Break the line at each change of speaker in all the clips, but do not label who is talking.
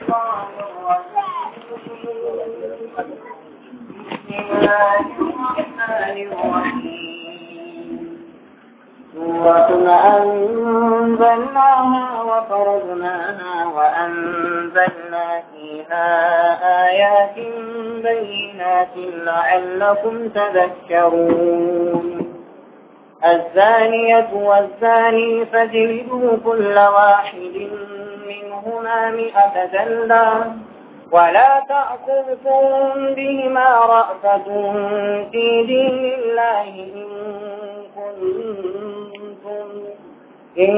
سورة أنزلناها وفرضناها وأنزلنا فيها آيات بينات لعلكم تذكرون الزانية والزاني فاجلدوا كل واحد بينهما مئة جلة ولا تأخذكم بهما رأفة في دين الله إن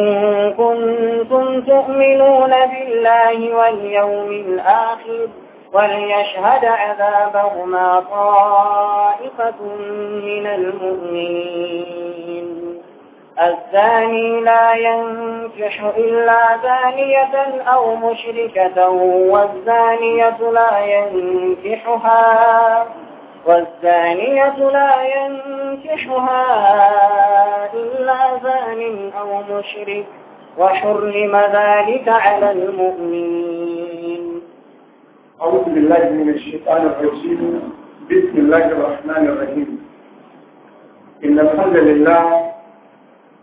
كنتم تؤمنون بالله واليوم الآخر وليشهد عذابهما طائفة من المؤمنين الثاني لا ينكح إلا زانية أو مشركة والزانية لا ينكحها والزانية لا ينكحها إلا زان أو مشرك وحرم ذلك على المؤمنين
أعوذ بالله من الشيطان الرجيم بسم الله الرحمن الرحيم إن الحمد لله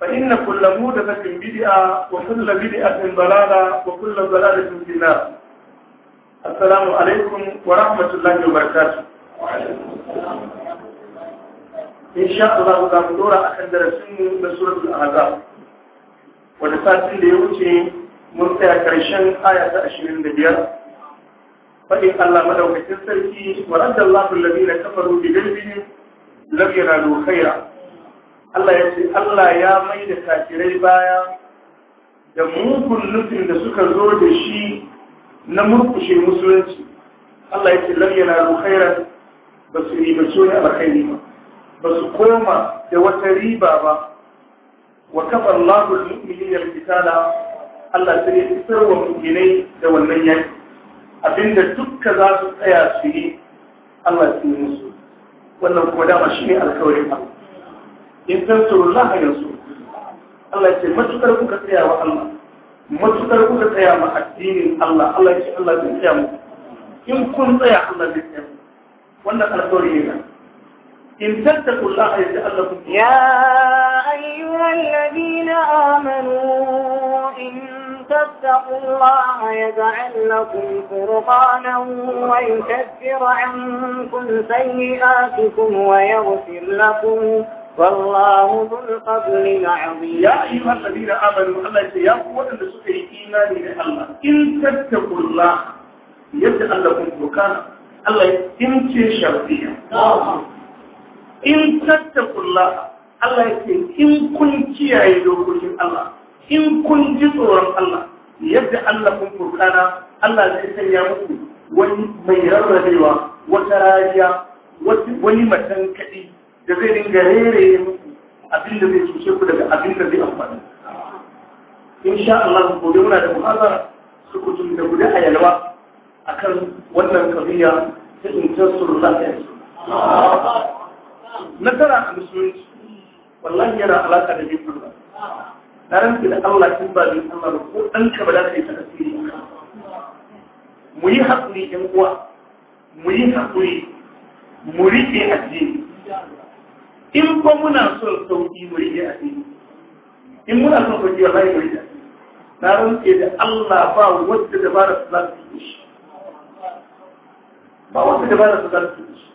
فإن كل مودثة بدعة وكل بدعة ضلالة وكل ضلالة في النار السلام عليكم ورحمة الله وبركاته إن شاء الله za mu dora a kan darasinmu na suratul azab wanda satin da ya wuce mun tsaya karshen aya ta biyar. Faɗin Allah madaukakin sarki wa radda Allahu alladhina kafaru bi dhalbihim lam Allah ya ce Allah ya mai da kafirai baya da mugun nufin da suka zo da shi na murkushe musulunci Allah ya ce lam yanalu ba su riba ce alkhairi ba ba su koma da wata riba ba wa kafa Allahu al-mu'minina al-qitala Allah sai ya fitar wa mu'minai da wannan yaki abinda dukka za su tsaya su yi Allah ya yi musu wannan kuma dama shi ne alkawarin Allah in tansurullah yansu Allah ce matukar kuka tsaya wa Allah matukar kuka tsaya ma addinin Allah Allah ce Allah zai tsaya mu in kun tsaya Allah zai tsaya mu wannan alƙawari ne إن تتقوا allah يتألكم يا
أيها الذين آمنوا إن تتقوا الله يجعل لكم فرقانا ويكفر عنكم سيئاتكم ويغفر
لكم والله ذو الفضل العظيم يا ايها الذين امنوا الله يا قوه لسكر ايمان الله ان تتقوا الله يجعل لكم فرقانا الله يمشي شرطيا in tattakulla Allah ya ce in kun kiyaye dokokin Allah in kun ji tsoron Allah yadda Allah kun furkana Allah zai sanya muku wani mai rarrabewa wata rariya wani matankaɗi da zai dinga rere muku abin da zai cuce ku daga abin da zai amfani in sha Allah gobe muna da muhazara su da guda a akan wannan kabiya ta nasara yana alaka da bin Allah na rantsi da Allah kin ba Allah ko mu yi haƙuri uwa mu yi haƙuri mu riƙe addini in ko muna son sauki mai rike a in muna son sauki wallahi mai rike na rantse da Allah ba wadda dabara su za su shi ba wadda dabara su za su shi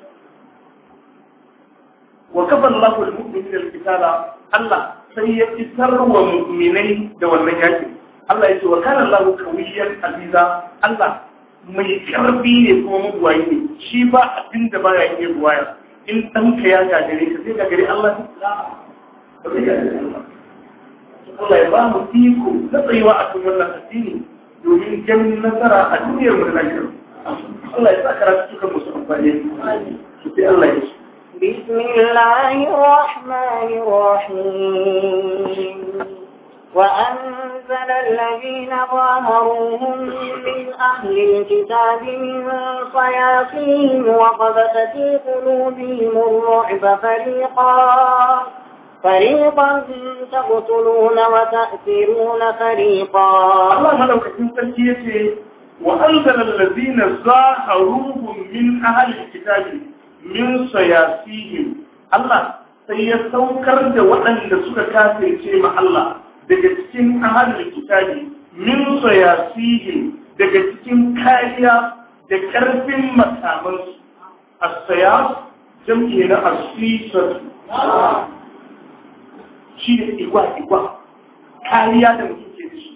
wa kafa Allahu al-mu'minina al-qitala Allah sai ya fitar wa mu'minai da wannan yakin Allah ya ce wa kana Allahu kawiyan aziza Allah mai karfi ne kuma mabuwayi ne shi ba abin da baya yin buwaya in ɗanka ya gagare ka zai gagare Allah ba zai gagare Allah Allah ya ba mu iko na tsayuwa a kan wannan addini domin ganin nasara a duniyar mu da lafiya Allah ya sa karatu cikin musu amfani su sai Allah ya su بسم
الله الرحمن الرحيم وأنزل الذين ظاهروهم من أهل الكتاب من صياصيهم وقبث في قلوبهم الرعب فريقا فريقا تقتلون وتأثرون فريقا الله لو
كنت تكيتي وأنزل الذين ظاهروهم من أهل الكتاب من صياصيهم الله سيستوكر da waɗanda suka kafirce ma Allah daga cikin ahalin kitabi min sayasihim daga cikin kariya da ƙarfin makamansu a saya jam'i na asisar shi da igwa-igwa kariya da mutum ke da shi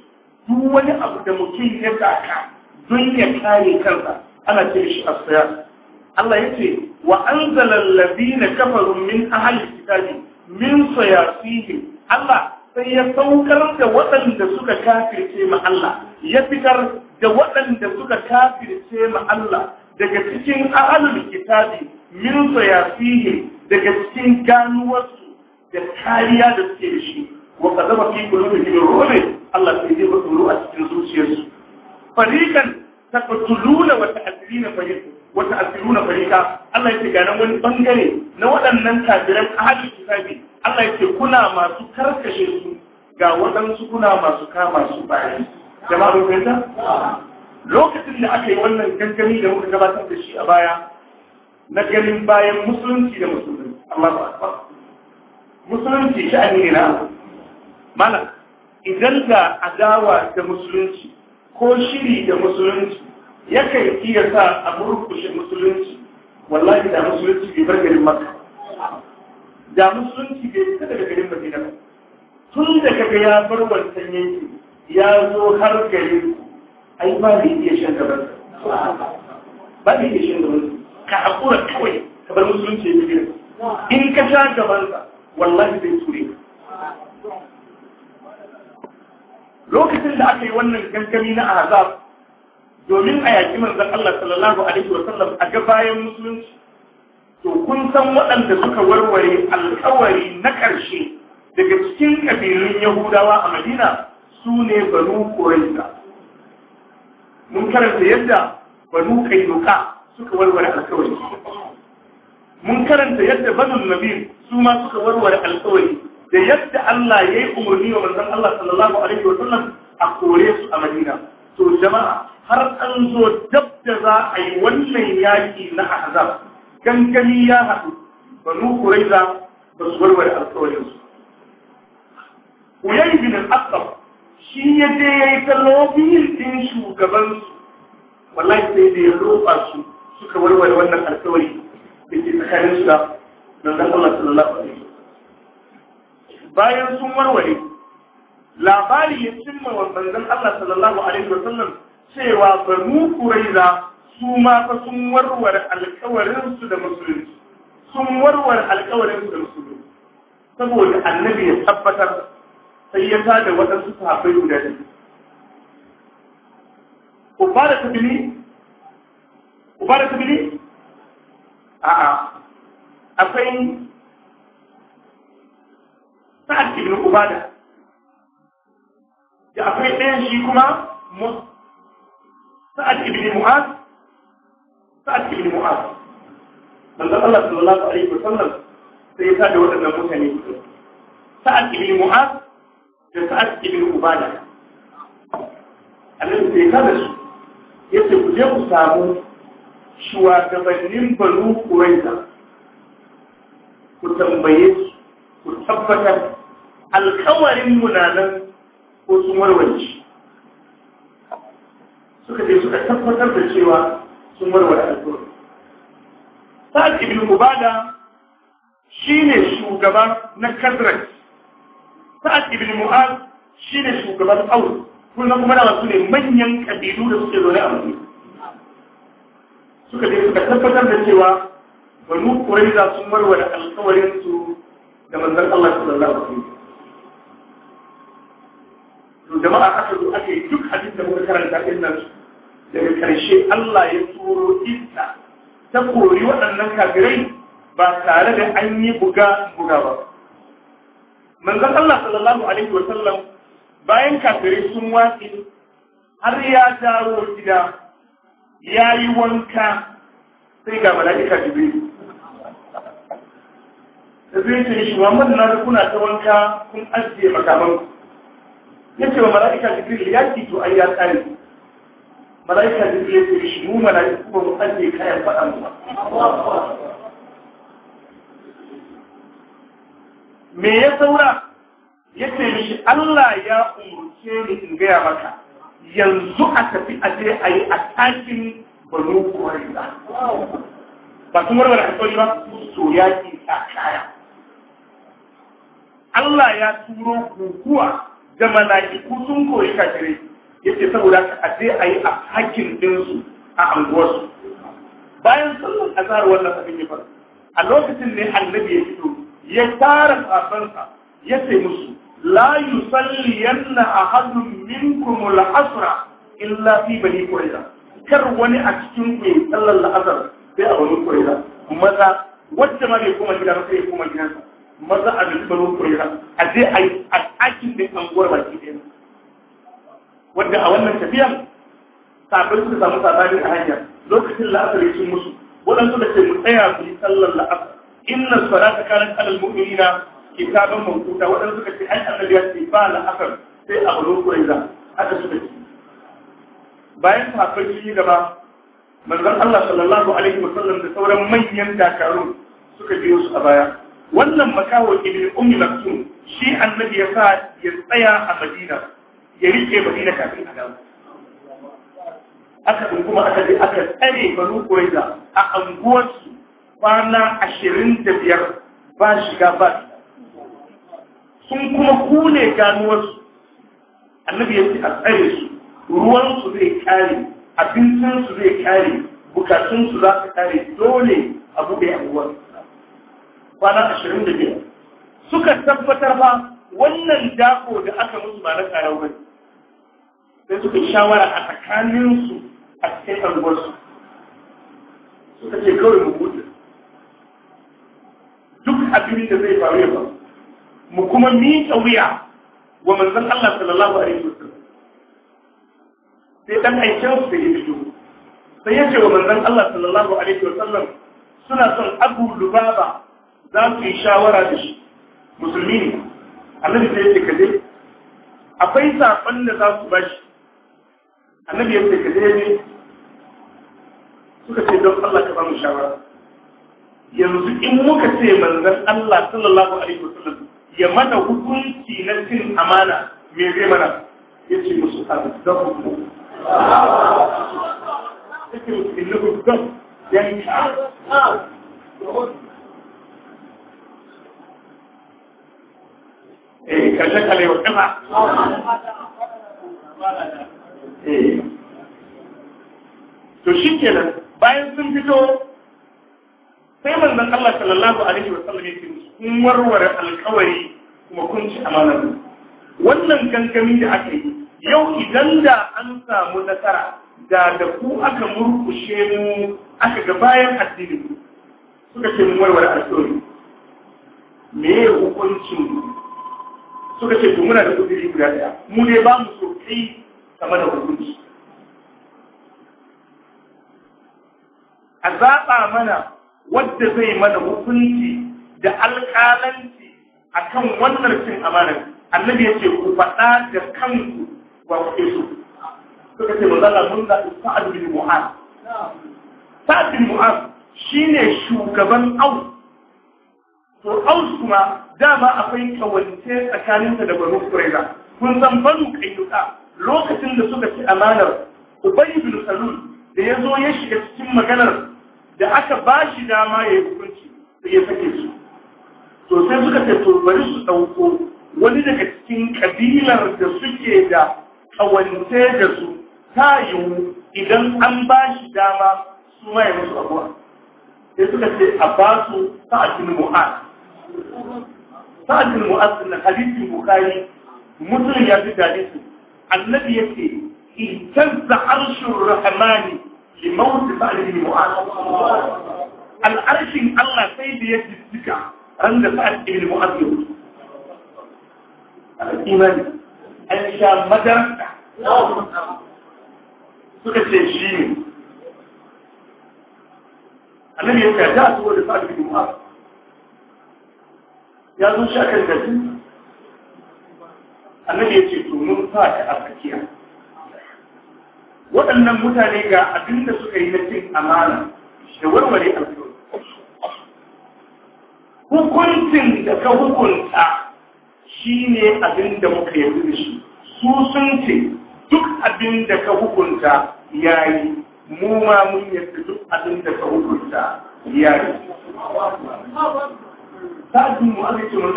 duk wani abu da mutum ya daka don ya kare kansa ana ce shi a saya Allah ya ce wa an zalallabi na kafarun min ahalin kitabi min sayasihim Allah sai ya saukar da waɗanda suka kafirce ma Allah ya fitar da waɗanda suka kafirce ma Allah daga cikin ahalul kitabi min sayafihim daga cikin ganuwarsu da kariya da suke da shi wa kadaba fi qulubihim rubi Allah sai ya mutu a cikin zuciyarsu fariqan taqtuluna wa ta'tiluna fariqan wa ta'tiluna fariqa Allah ya ce ga wani bangare na waɗannan kafiran ahalul kitabi Allah yake kuna masu karkashe su ga waɗansu kuna masu kama su bayan jama'a mun ta? lokacin da aka yi wannan gangami da muka gabatar da shi a baya na ganin bayan musulunci da musulunci Allah ba akbar musulunci shi ne na mana idan da adawa da musulunci ko shiri da musulunci yakan iya sa a musulunci wallahi da musulunci bai bar garin da musulunci bai fita daga garin Madina ba tun da kaga ya bar wancan yanki ya zo har gari. ai ba zai iya shan gaban ba zai iya shan gaban ka hakura kawai ka bar musulunci ya fita in ka sha gaban sa wallahi zai ture lokacin da aka yi wannan gangami na azab domin a yaki manzon Allah sallallahu alaihi wa sallam a ga bayan musulunci to kun san waɗanda suka warware alkawari na ƙarshe daga cikin ƙabilun yahudawa a madina su ne banu ƙorinta mun karanta yadda banu ƙainuka suka warware alkawari mun karanta yadda banu nabi su ma suka warware alkawari da yadda Allah ya yi umarni wa manzon Allah sallallahu alaihi wa sallam a kore su a madina to jama'a har an zo dab da za a yi wannan yaƙi na ahzab gangani ya haɗu banu kuraiza ba su warware alkawarinsu uyayi bin al'asar shi ya je ya yi ta lobin din shugabansu wallahi sai da ya roƙa su suka warware wannan alkawari da ke tsakanin su da manzon Allah sallallahu alaihi bayan sun warware labari ya cimma wa manzon Allah sallallahu alaihi wasallam cewa banu kuraiza su ma fa sun warware alkawarinsu da musulunci sun warware alkawarinsu da musulunci saboda annabi ya tabbatar sai ya tada waɗansu sahabbai guda da ku ba da tabili ku ba A tabili a'a akwai sa'ad ibn ubada da akwai ɗayan shi kuma sa'ad ibn mu'az sa'ad ibn mu'az manzon Allah sallallahu alaihi wasallam sai ya sa da waɗannan mutane sa'ad ibn mu'az da sa'ad ibn ubada annabi sai ya sa su yace ku je ku samu shuwagabannin banu quraiza ku tambaye su ku tabbatar alkawarin munanan ko sun warware suka je suka tabbatar da cewa sun warware alƙur'ani sa'ad ibn mubada shine shugaba na kazrat sa'ad ibn mu'az shine shugaban aure kuma kuma da su ne manyan kabilu da suke zaune a madina suka je suka tabbatar da cewa banu quraiza sun warware alƙawarin su da manzon Allah sallallahu alaihi wasallam to jama'a aka zo aka yi duk hadisi da muka karanta din nan daga ƙarshe Allah ya turo isa ta kori waɗannan kafirai ba tare da an yi buga buga ba Manzan Allah sallallahu alaihi wa sallam bayan kafirai sun watsi har ya dawo gida ya yi wanka sai ga mala'ika jibril da zai ce shi Muhammadu na kuna ta wanka kun ajiye makaman ya ce wa mala'ika jibril ya ci to ya tsare malaika da ya ce shi mu malaiku ba mu ajiye kayan faɗan ba me ya saura ya ce mishi Allah ya umurce ni in gaya maka yanzu a tafi a je a yi a takin banu riga. ba sun warware shi ba su ya ki sa kaya Allah ya turo guguwa ga mala'iku sun koyi kafirai yace saboda a je a yi a hakin ɗinsu a anguwarsu bayan sallar azhar wannan abin ya fara a lokacin ne annabi ya fito ya tara safansa ya ce musu la yusalliyanna ahadun minkum al-asra illa fi bani qurayza kar wani a cikin ku ya sallar la'asar sai a wani qurayza maza wacce ma bai koma gida ba sai ya koma gidansa maza a bani qurayza a je a yi a ɗakin da an gwarba ɗaya wanda a wannan tafiyan sabbin suka samu sabani a hanya lokacin la'asar sun cin musu waɗansu da ke mu tsaya su yi sallar la'asar inna salata kanat alal mu'minina kitaban mawquta waɗansu suka ce an annabi ya ce ba la'asar sai a bulu kuraiza haka suka ce bayan sabbin shi gaba manzon Allah sallallahu alaihi wasallam da sauran manyan dakarun suka biyo su a baya wannan makawo ibn ummi maktum shi annabi ya sa ya tsaya a Madina ya rike na kafin a dawo aka kuma aka je aka tsare banu koyza a anguwarsu kwana ashirin da biyar ba shiga ba sun kuma kune ganuwarsu annabi ya ce a tsare su ruwansu zai kare abincinsu zai kare bukatunsu za su kare dole a buɗe anguwar kwana ashirin da biyar suka tabbatar ba wannan dako da aka musu ba na karau sai suka shawara a tsakaninsu a cikin anguwarsu suka ce kawai mu buɗe duk abin da zai faru ya faru mu kuma miƙa wuya wa manzon Allah sallallahu alaihi wasallam sai dan aikin su yi fito sai ya ce wa manzon Allah sallallahu alaihi wasallam suna son Abu Lubaba za su yi shawara da shi musulmi ne annabi sai ya ce kaje akwai sakon da za su bashi annabi ya ce ka ne suka ce don Allah ka bamu shawara yanzu in muka ce manzan Allah sallallahu alaihi wasallam ya mana hukunci na cin amana me zai mana Ya ce musu Ya ce musu innahu zab yanka ah, ah. eh kalle kalle wa kafa Eh. to shi kenan bayan sun fito sai manzon Allah sallallahu alaihi wa sallam yake kun warware alkawari kuma kun ci amanar wannan gangami da aka yi yau idan da an samu nasara da da ku aka murkushe mu aka ga bayan addini suka ce mun warware alkawari me hukuncin suka ce to muna da kudi guda daya mu ne ba mu so kai game da hukunci a zaɓa mana wadda zai mana hukunci da alƙalanci a kan wannan cin amana annabi ya ce ku faɗa da kanku ba ku ke so suka ce mazala mun zaɓi sa'ad bin mu'az sa'ad bin mu'az shine shugaban au to aus kuma dama akwai kawance tsakaninsa da banu kureza. kun san banu kayyuka lokacin da suka ci amanar ubay bin salul da ya zo ya shiga cikin maganar da aka ba shi dama ya yi hukunci da ya sake su to sai suka ce to bari su ɗauko wani daga cikin kabilar da suke da kawance da su ta yiwu idan an ba shi dama su ma musu abuwa sai suka ce a ba su sa'adin mu'ad sa'adin mu'ad na halittin bukari mutum ya fi hadisin الذي يكفي اهتز عرش الرحمن لموت فعله معاذ العرش الله سيد يجلسك عند فعل ابن معاذ يموت الايمان ان شاء مدى سوره الجين الذي يكفي اهتز عرش الرحمن لموت فعله معاذ يا ذو شاكر annabi ya ce to mun sa ta a tsakiya waɗannan mutane ga abin da suka yi na cin amana da warware alƙawari hukuncin da ka hukunta shi ne abin da muka yanzu da shi su sun ce duk abin da ka hukunta ya yi mu ma mun yadda duk abin da ka hukunta ya yi sa'adun mu aka ce mu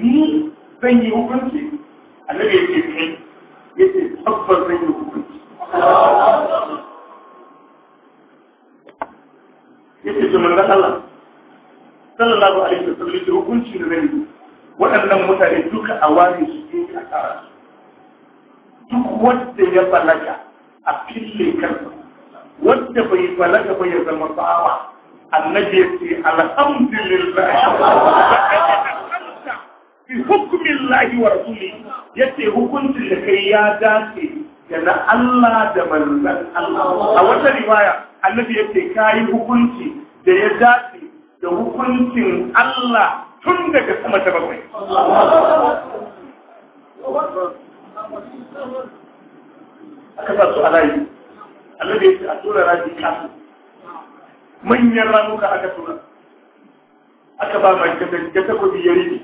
ni zan yi hukunci annabi yake kai yake tabbas zai yi hukunci yake to manzon Allah sallallahu alaihi wasallam yake hukunci da zan yi waɗannan mutane duka a ware su ke a tsara duk wanda ya balaga a fille kansa wanda bai balaga ba ya zama bawa annabi ya ce alhamdulillah bi hukumin lahi wa rasuli yace hukuncin da kai ya dace da na Allah da manzon Allah a wata riwaya annabi yace kai hukunci da ya dace da hukuncin Allah tun daga sama ta bakwai aka sa su alayi annabi yace a tura raji manyan ramuka aka tura aka ba mai gata gata yari ne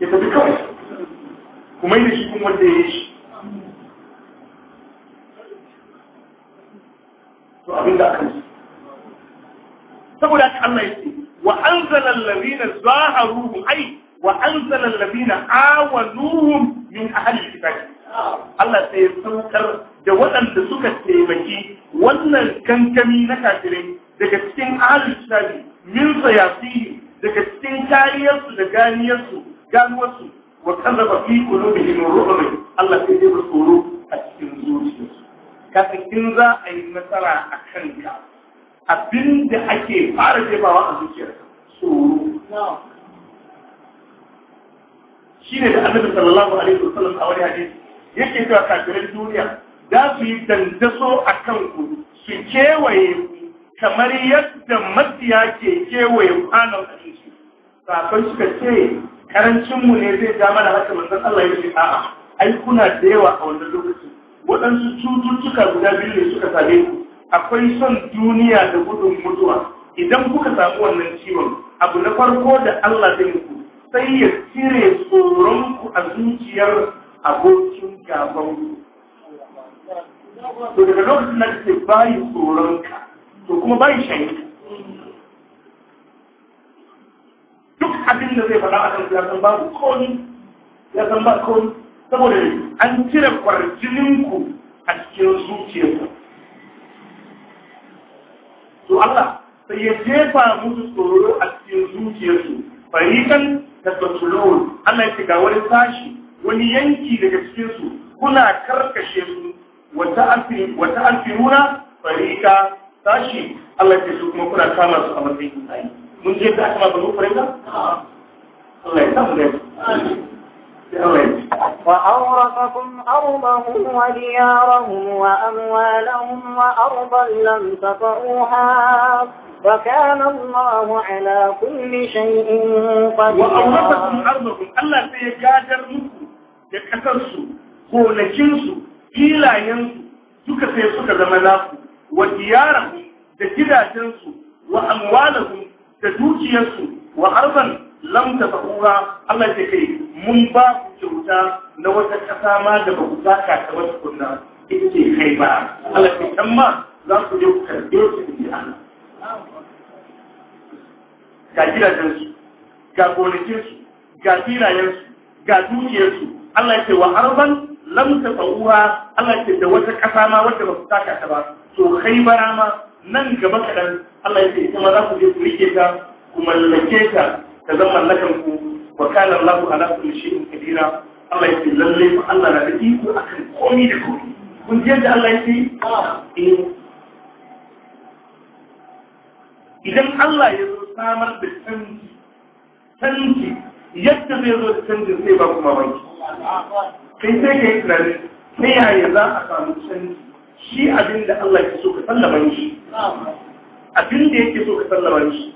ya tafi kawai kuma yi da shi kuma wanda ya yi shi to abin da aka yi saboda aka Allah ya ce wa anzalal ladina zaharuhum ai wa an anzalal ladina awanuhum min hali, kitab Allah sai ya saukar da waɗanda suka taimaki wannan kankami na kafirai daga cikin ahli kitab min sayasihi daga cikin kariyarsu da ganiyarsu ganuwarsu wa kallaba fi qulubihim mai Allah sai dai tsoro a cikin zuciyarsu ka cikin za a yi nasara a kanka abinda ake fara jefawa a zuciyarka tsoro shi ne da annabi sallallahu alaihi wasallam a wani hadisi yake cewa kafirin duniya za su yi dandaso a kan ku su kewaye kamar yadda masiya ke kewaye kwanon abinci sakon suka ce karancinmu ne zai ja mana haka manzon Allah ya ce a'a ai kuna da yawa a wannan lokacin waɗansu cututtuka guda biyu ne suka same ku akwai son duniya da gudun mutuwa idan kuka samu wannan ciwon abu na farko da Allah zai muku sai ya cire tsoronku a zuciyar abokin gaban to daga lokacin da kake bayi tsoronka to kuma bayi shanka duk abin da zai faɗa a kan ya san babu ya san ba saboda an cire kwarjininku a cikin zuciyarku to Allah sai ya jefa musu tsoro a cikin zuciyarsu farikan da tattalon Allah ya ga wani sashi wani yanki daga cikinsu kuna karkashe su wata alfiruna farika sashi Allah ya su kuma kuna kama su a matsayin ayi mun je ta kuma ba mu furenda Allah ya samu dai وأورثكم
أرضهم وديارهم وأموالهم وأرضا لم تطروها وكان الله على كل شيء قدير وأورثكم
أرضكم الله سيجادر منكم يكسرسوا gonakinsu filayensu duka sai suka zama naku wa diyarahum da gidajensu wa da dukiyarsu wa arban lamta fa'ura, Allah ya kai mun ba ku kyauta na wata kasa ma da ba ku za ta wata kunna ita ce kai ba Allah ya kan ma za ku je ku karbe su da Allah ga gidajen su ga gonakin su ga filayensu, su ga dukiyar su Allah ya ce wa arban lamta fa'ura, Allah ya ce da wata kasa ma wata ba ku za ta ba to kai ma nan gaba kaɗan Allah ya ce ita ma za ku je ku rike ta ku mallake ta ta zan mallakan ku wa kana Allahu ala kulli shay'in qadira Allah ya ce lalle fa Allah na da iko akan komai da komai kun ji yadda Allah ya ce eh. idan Allah ya zo samar da canji canji yadda zai zo da canjin sai ba kuma banki kai sai ka yi tunanin ta yaya za a samu canji shi abin da Allah ya so ka sallama shi abin da yake so ka sallama mishi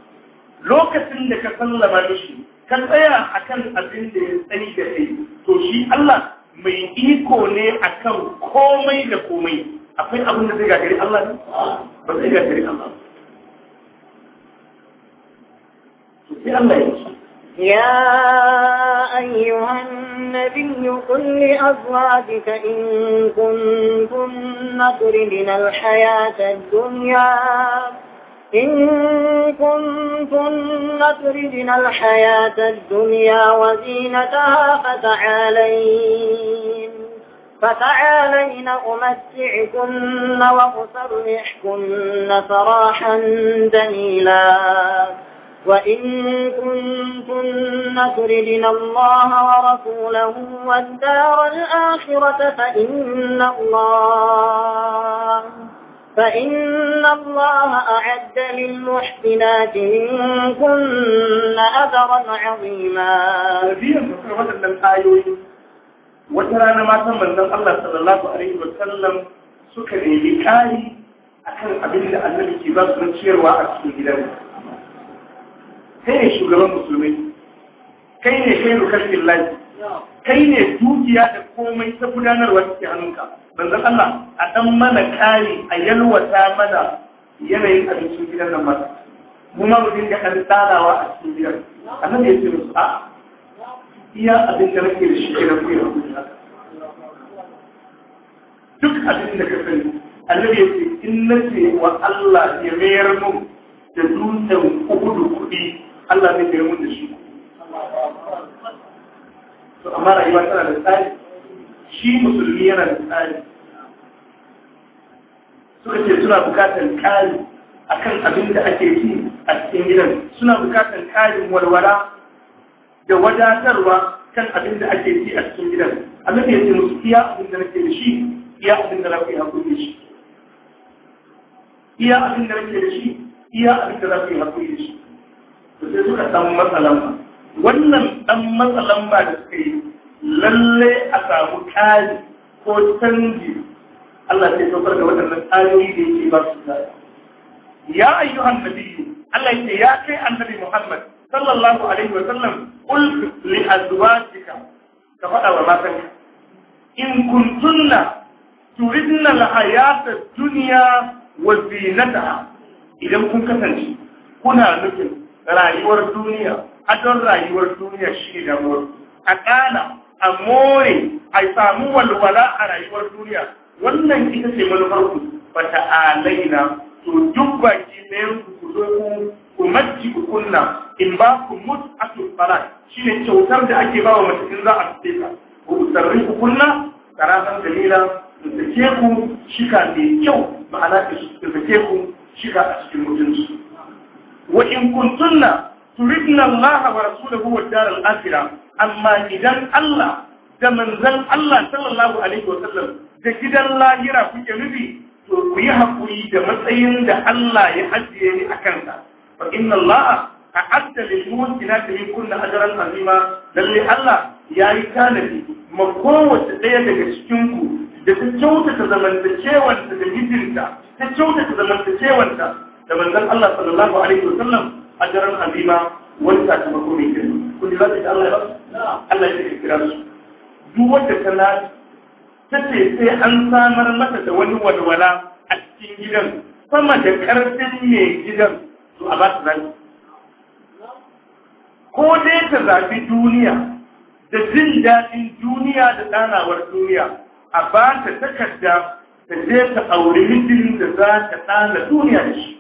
lokacin da ka sallama mishi ka tsaya kan abin da ya tsani da kai to shi Allah mai iko ne a kan komai da komai akwai abin da zai gagari Allah ne ba zai gagari Allah sai Allah ya ce
يا أيها النبي قل لأزواجك إن كنتن تردن الحياة الدنيا إن كنتن تردن الحياة الدنيا وزينتها فتعالين فتعالين أمتعكن وأسرحكن سراحا جميلا وإن كنتن تردن الله ورسوله والدار الآخرة فإن الله فإن الله أعد للمحسنات
منكن
أجرا عظيما.
wata rana matan manzon Allah sallallahu alaihi wa sallam suka nemi kari akan abin da ke ba su ciyarwa a cikin gidansu kai ne shugaban musulmi? kai ne kai rukashin lafi kai ne dukiya da komai ta gudanarwa cikin hannunka manzon Allah a dan mana kari a yalwata mana yanayin abincin gidan nan mata mu ma mu dinga dan tsarawa a cikin gidan annabi ya ce musu a iya abin da nake da shi ke da kuwa duk abin da ka sani annabi ya ce in nace wa Allah ya mayar mu da dutsen kudu kuɗi Allah zai kai mun da shi to amma rayuwa tana da tsari shi musulmi yana da tsari suka ce suna bukatar a kan abin da ake ci a cikin gidan suna bukatar ƙarin walwala da wadatarwa kan abin da ake ci a cikin gidan annabi ya ce musu iya abin da nake da shi iya abin da nake hakuri da shi iya abin da nake da shi iya abin da nake hakuri da shi sai suka wannan ɗan matsalan ba da suka yi lalle a samu kari ko canji Allah sai saukar da waɗannan da yake ba su da ya Allah yake ya kai annabi Muhammad sallallahu alaihi wa sallam qul li azwajika ka faɗa wa matanka in kuntunna turidna al-hayata duniya dunya wa zinataha idan kun kasance kuna nufin rayuwar duniya adon rayuwar duniya shi da mori a ƙana a more a samu walwala a rayuwar duniya wannan ita ce manufar ku ba ta alaina to duk baki ɗayan ku ku zo ku ku majji ku kunna in ba ku mut a tufara shi ne kyautar da ake ba wa mace za a fice ka ku sarri ku kunna karatan dalila su sake ku shika mai kyau ma'ana su take ku shika a cikin mutunci wa in kuntunna turidna Allah wa rasulahu wa amma idan Allah da manzon Allah sallallahu alaihi wa sallam da gidan lahira kuke nufi to ku yi hakuri da matsayin da Allah ya ajiye ni a kansa fa inna Allah a'adda lil mu'minati min kulli ajran azima Lallai Allah yayi tanadi ma kowace ɗaya daga cikin ku da ta kyautata zamantakewanta da mijinta ta kyautata zamantakewanta da manzon Allah sallallahu alaihi wasallam ajaran azima wanda ta mako mai girma kun ji zai Allah ya Allah ya kira su duk wanda ta na tace sai an samar mata da wani walwala a cikin gidan sama da karfin mai gidan to a ba ta zai ko dai ta zafi duniya da jin daɗin duniya da ɗanawar duniya a ba ta takarda ta je ta auri mijin da za ta ɗana duniya da shi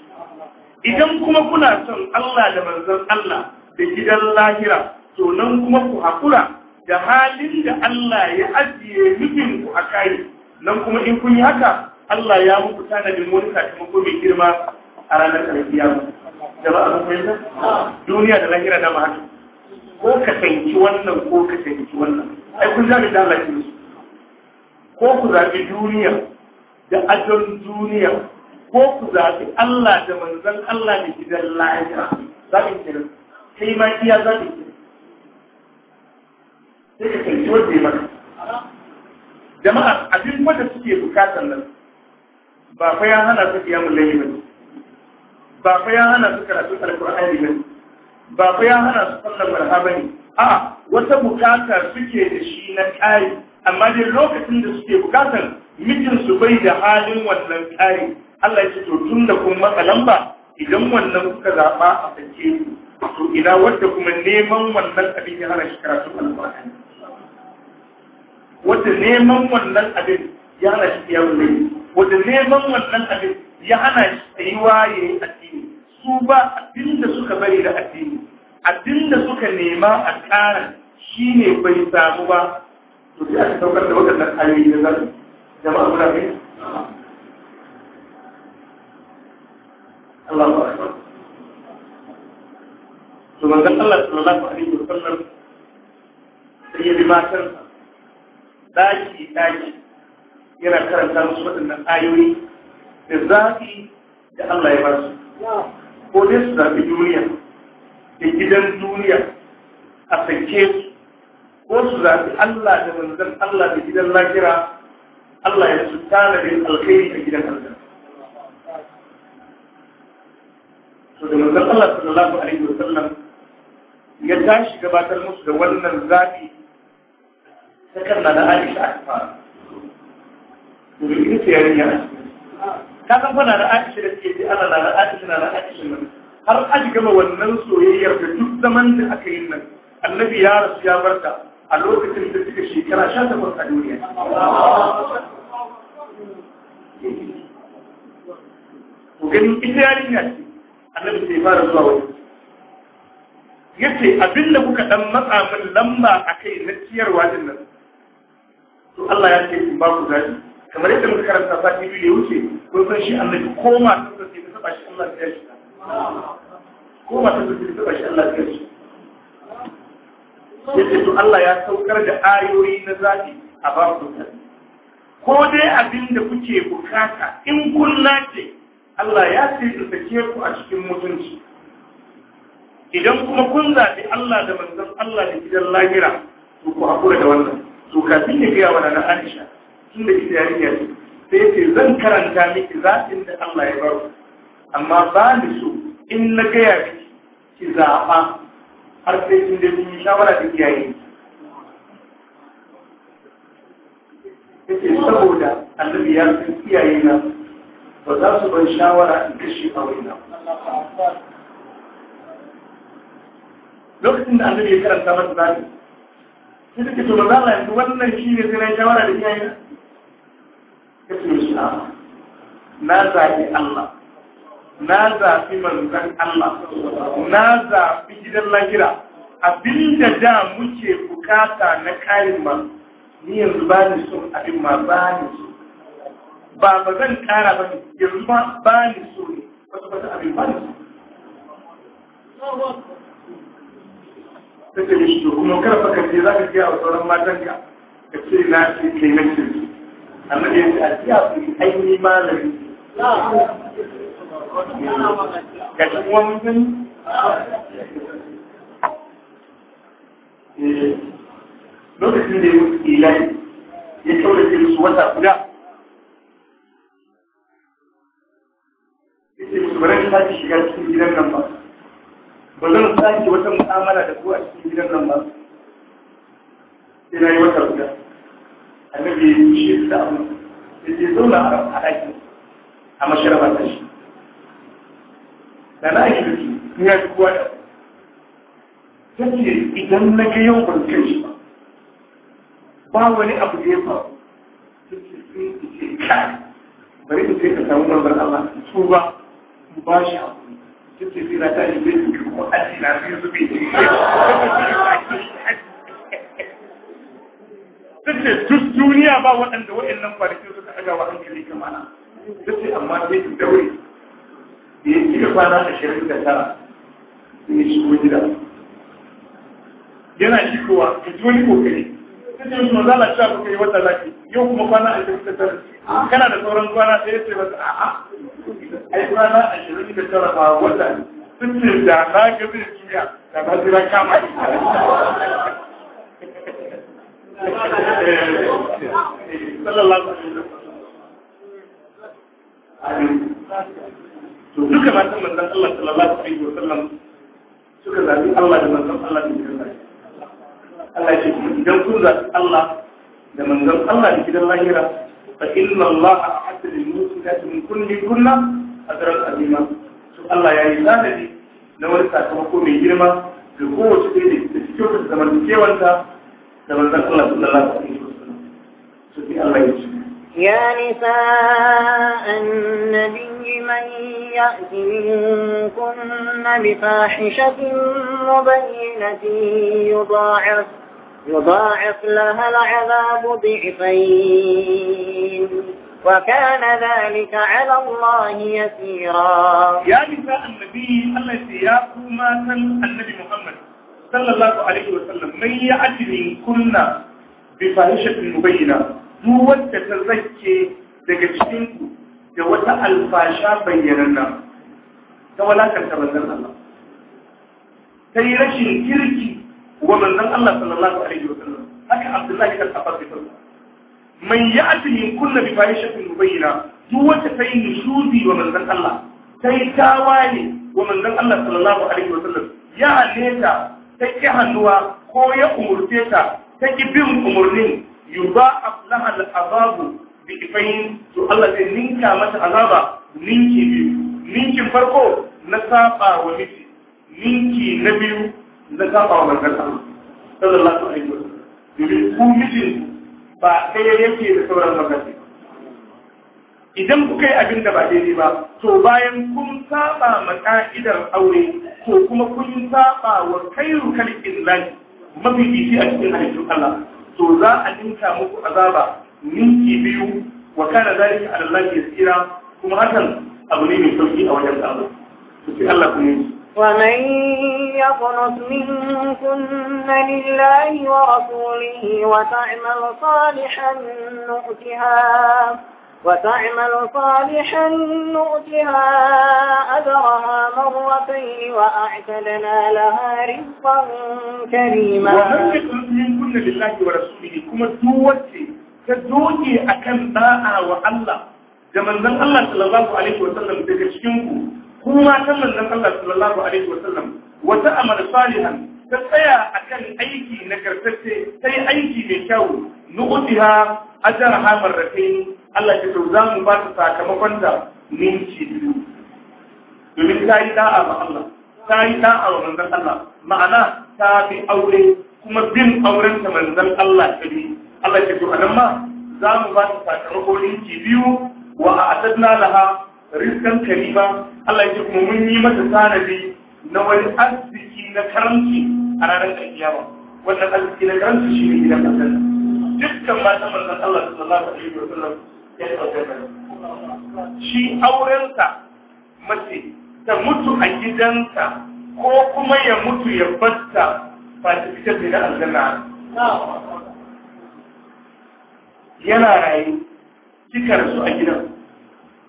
idan kuma kuna son Allah da manzan Allah da gidan lahira to nan kuma ku haƙura da halin da Allah ya ajiye nufin ku a kai nan kuma in kun yi haka Allah ya muku tanadin wani ko mai girma a ranar alkiyama jama'a mun fahimta duniya da lahira da haka ko ka tanki wannan ko ka tanki wannan ai kun zabi da su. ko ku zaɓi duniya da adon duniya ko ku zaɓi Allah da manzon Allah da gidan lahira zaɓin kenan sai ma iya zaɓin kenan sai ka kai yau da maka jama'a abin kuma da suke bukatar nan ba fa ya hana su kiyamu laili ba ba fa ya hana su karatu alqur'ani ba ba fa ya hana su sallar marha ba ne a'a wata bukata suke da shi na ƙari amma dai lokacin da suke bukatar mijinsu bai da halin wannan ƙari Allah ya ce to tun da kun matsa lamba idan wannan kuka zaɓa a sake su to ina wadda kuma neman wannan abin ya hana shi karatu alƙur'ani wadda neman wannan abin ya hana shi kiyawun laifi wadda neman wannan abin ya hana shi tsayuwa ya yi addini su ba abin da suka bari da addini abin da suka nema a ƙara shi ne bai samu ba to sai aka ɗaukar da waɗannan ayoyi da zasu jama'a muna fahimta Allahu akbar to manzon Allah sallallahu alaihi wasallam sai ya bi matar daki daki yana karanta musu waɗannan ayoyi da zafi da Allah ya ba su ko dai su zafi duniya da gidan duniya a sake su ko su zafi Allah da manzon Allah da gidan lahira Allah ya su tanadin alkhairi a gidan Allah da manzon Allah sallallahu alaihi wa sallam ya tashi gabatar musu da wannan zafi ta kanna na Aisha a fara. Domin ita yarinya ka san fa na da Aisha da ke ji ana na Aisha na Aisha nan har aji gama wannan soyayyar da duk zaman da aka yi nan annabi ya rasu ya barka, a lokacin da suka shekara 18 a duniya. Ku gani ita yarinya ce annabi sai fara zuwa wani yace ce abinda kuka dan matsa min lamba akai na ciyarwa din nan to Allah ya ce in ba ku zabi kamar yadda muka karanta sati biyu da wuce kun san shi annabi ko ma ta sai ta taba shi Allah ya shi ko ma ta sai ta taba shi Allah ya shi yace to Allah ya saukar da ayoyi na zabi a ba ku ko dai abinda kuke bukata in kun nace Allah ya ce su sake ku a cikin mutunci idan kuma kun zaɓi Allah da manzon Allah da gidan lahira to ku haƙura da wannan to kafin ya gaya wani na Aisha tun da ita yarinya ce sai ce zan karanta miki zaɓin da Allah ya bar amma ba ni so in na gaya miki ki zaɓa har sai kin da kin shawara da kiyaye. yake saboda annabi ya san iyayena. ba za su ban shawara in kashe a wani lokacin da annabi ya karanta masa zaɓi sai take to ba za a yanzu wannan shi ne sai na yi shawara da iyayen ka ce mishi a na zaɓi Allah na zaɓi manzan Allah na zaɓi gidan lahira abinda da muke bukata na kayan ma ni yanzu ba ni son abin ma ba ni so ba ba zan kara ba ne yanzu ma ba ni so ne wasu wata abin ba ni so. Take da shi kuma kada ka kaje za ka gaya wa sauran matan ka ka ce na ce ke na ce su. Amma ne yanzu a siya su yi ainihin malami. Ga shi kuma mun sani? Eh, lokacin da ya yi ilayi ya kyau da ke su wata guda ba zan sake shiga cikin gidan nan ba ba zan sake wata mu'amala da kowa cikin gidan nan ba sai na yi wata guda annabi ya yi shi da abu da ke zauna a aiki a masharafa ta shi da na aiki da su ya fi kowa da ta ce idan na ga yau ban kan shi ba ba wani abu da ya faru ta ce sun ce kai bari in sai ka samu marmar Allah su ba ku ba shi duk ta bai na duk duniya ba waɗanda waɗannan kwanaki suka ɗaga wa hankali kamana duk amma sai su daure da ya kira kwana ashirin da tara sai ya shigo gida yana shigowa ka ji wani kokari sai ya yi mazala cewa kuka yi wata lafi yau kuma kwana ashirin da tara kana da sauran kwana sai ya ce a a'a ai kwana ashirin da tara ba wata sun ce da na ga zai juya da ba zira kama sallallahu to duka Allah sallallahu alaihi suka zabi Allah da manzan Allah da gidan Allah ya ce idan kun zabi Allah da Allah da gidan lahira فإن الله أعد للمسلمات من كل كل أجرا عظيما شو الله يعني ذلك لو أنت تمكو من جرمة بقوة شديدة تشوف الزمن كيوانتا زمن الله صلى الله عليه وسلم
شو الله يشوف يا نساء النبي من يأت منكن بفاحشة مبينة يضاعف يضاعف لها العذاب ضعفين وكان ذلك على الله يسيرا يا نساء
النبي التي يقوم النبي محمد صلى الله عليه وسلم من يعجل كنا بفاحشة مبينة duk wadda ta zake daga cikinku da wata alfasha bayyananna ta walakanta manzon Allah ta yi rashin kirki wa manzon Allah sallallahu alaihi wa sallam haka Abdullahi kan Abbas ya faɗa man ya'ti min kulli bi fahishatin mubayyina duk wata ta yi nishudi wa manzon Allah ta yi tawaye wa manzon Allah sallallahu alaihi wa sallam ya ta ki hannuwa ko ya umurce ta ta ki bin umurnin yudha'af laha al-azabu bi ifayn to Allah zai ninka mata azaba ninki biyu ninkin farko na saba wa ninki na biyu na saba wa manzon Allah sallallahu alaihi wasallam domin ku mijin ba ɗaya yake da sauran lokaci idan ku kai abin da ba daidai ba to bayan kun saba maka'idar aure ko kuma kun saba wa kairu kalkin lafi mafi bisi a cikin halittun Allah to za a dinka muku azaba ninki biyu wa kana zalika ala Allah yasira kuma hakan abu ne mai sauki a wajen Allah to sai Allah ku ne.
ومن يقنط منكن لله ورسوله وتعمل صالحا نؤتها
وتعمل
صالحا نؤتها أجرها مرتين وأعتدنا لها رزقا كريما ومن
يقنط منكن لله ورسوله كما دوتي كدوتي أكن باء والله زمن الله صلى الله عليه وسلم تكشفنكم kuma ta manzon Allah sallallahu alaihi wa sallam wata amal salihan ta tsaya akan aiki na karsace sai aiki mai kyau nu'tiha ajraha marratayn Allah ya tauza mu ba ta sakamakon da ninki biyu domin ta yi da'a ma Allah ta yi da'a wa manzon Allah ma'ana ta bi aure kuma bin auren ta manzon Allah ta bi Allah ya to anan ma za mu ba ta sakamakon ninki biyu wa a'tadna laha kari ba Allah ya kuma mun yi masa tsanani na wani arziki na karanci a ranar kiyama wannan arziki na karanci shi ne gidan aljanna dukkan matan manzon Allah sallallahu alaihi wa sallam ya da shi aurensa mace ta mutu a gidansa ko kuma ya mutu ya batta ba ta fitar da aljanna yana rayu cikar su a gidan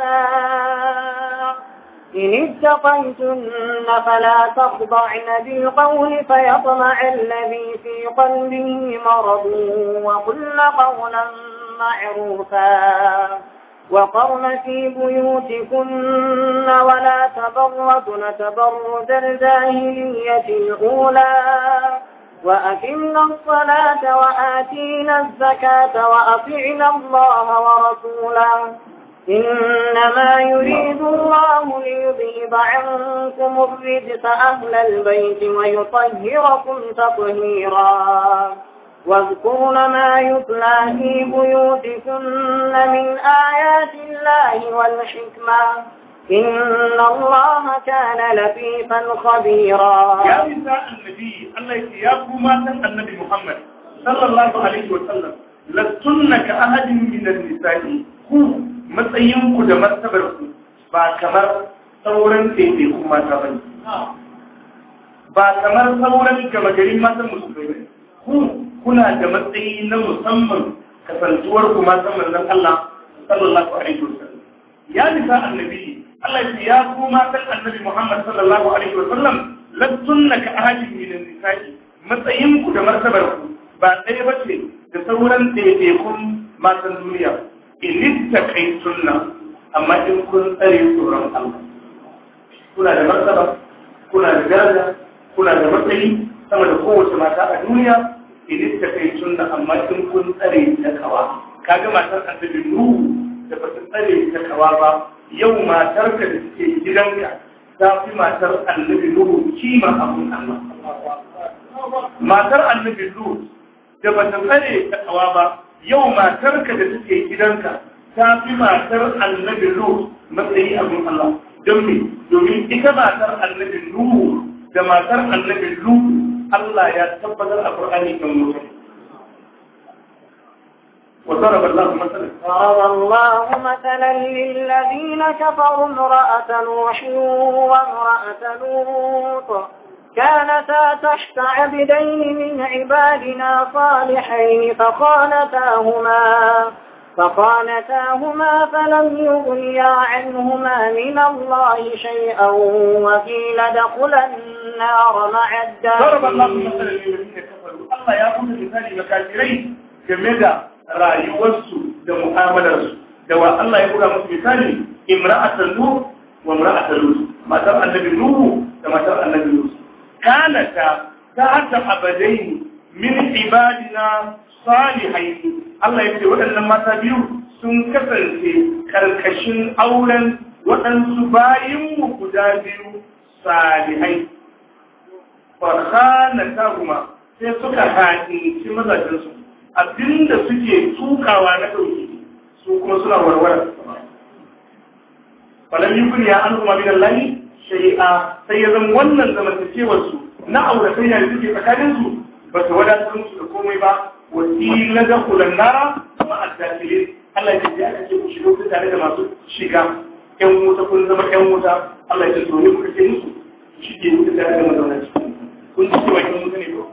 النفاق إن اتقيتن فلا تخضعن بالقول فيطمع الذي في قلبه مرض وقل قولا معروفا وقرن في بيوتكن ولا تبرجن تبرج الجاهلية الأولى وأقمنا الصلاة وآتينا الزكاة وأطعنا الله ورسوله
إنما يريد
الله ليذهب عنكم الرجس أهل البيت ويطهركم تطهيرا واذكرن ما يتلى في بيوتكن من آيات الله والحكمة
إن الله
كان لطيفا خبيرا يا
نساء النبي الله يسياكم النبي محمد صلى الله عليه وسلم لستن كأحد من النساء matsayinku da martabarku ba kamar sauran ɗaiɗaikun mata ba ba kamar sauran gama garin matan musulmai ba ku kuna da matsayi na musamman kasantuwar ku matan manzon Allah sallallahu alaihi wasallam ya nisa annabi Allah ya ya ku matan annabi Muhammad sallallahu alaihi wasallam lattunna ka ahadin min nisa'i matsayinku da martabarku ba ɗaya ba ce da sauran ɗaiɗaikun matan duniya in kai sunna amma in kun tsare tsoron Allah kuna da martaba kuna da gaza kuna da matsayi sama da kowace mata a duniya in kai sunna amma in kun tsare ta kawa kaga matar annabi nuhu da ba su tsare ta kawa ba yau matar ka da suke gidanka ta fi matar annabi nuhu kima abun Allah matar annabi nuhu da ba ta tsare ta kawa ba yau matarka da suke gidanka ta fi matar annabi Lut matsayi a gun Allah don me domin ita matar annabi Nuhu da matar annabi Lut Allah ya tabbatar a Qur'ani kan mutum وضرب الله مثلا
قال الله مثلا للذين كفروا امرأة نوح وامرأة لوط كانتا تحت عبدين من عبادنا صالحين فخانتاهما فخانتاهما فلم يغنيا عنهما من الله شيئا وقيل ادخلا النار مع الداخلين ضرب الله مثلا للذين
كفروا الله ياخذ مثال المكافرين كمدى رايوسو ده معاملرسو ده الله يقول لهم مثال امرأة نوح وامرأة لوط ما ترى النبي نوح كما ترى النبي لوط kanata ta ta abadaini min ibadina salihaini Allah ya ce waɗannan mata biyu sun kasance karkashin auren waɗansu bayinmu guda biyu salihai Ba ta kuma sai suka haɗinci mazajensu abinda suke tukawa na ɗauki su kuma suna warware falam yukun ya an kuma min Allah sai a sai ya zama wannan zamantakewarsu na auratayya da suke tsakaninsu? su ba su wadatar musu da komai ba wasila da kulannara ma addalilin Allah ya ji aka ce ku shigo ku tare da masu shiga ƴan wuta kun zama ƴan wuta Allah ya ji to ne ku kace musu shi ke wuta tare da mazauna cikin kun ji cewa kin wuta ne ko